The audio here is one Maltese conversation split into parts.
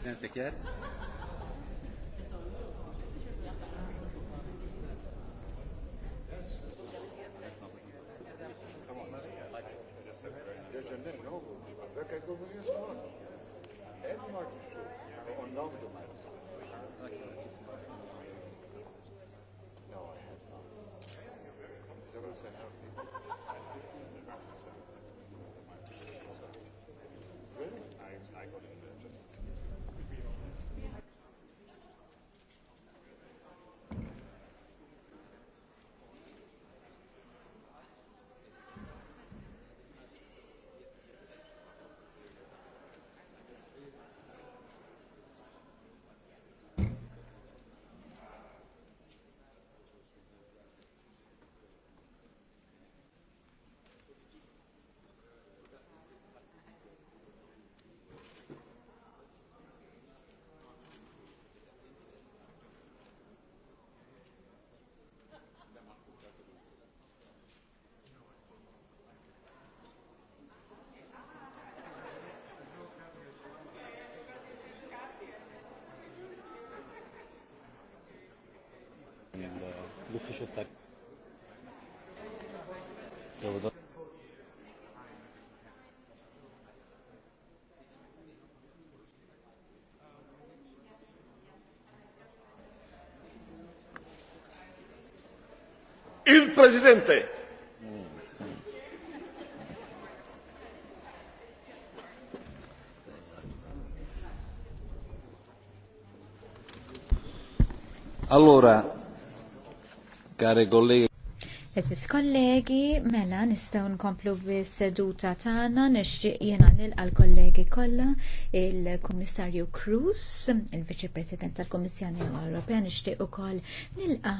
Tekjer? No, I have not. Mr. Shostak. Il-Presidente. Allora, Kare kollegi. Eżis kollegi, mela nistgħu nkomplu bis-seduta tagħna nixtieq jiena nilqa' l-kollegi kollha il-Kummissarju Cruz, il-Viċi President tal-Kummissjoni Ewropea nixtieq ukoll nilqa'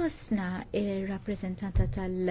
fostna ir-rappreżentanta tal-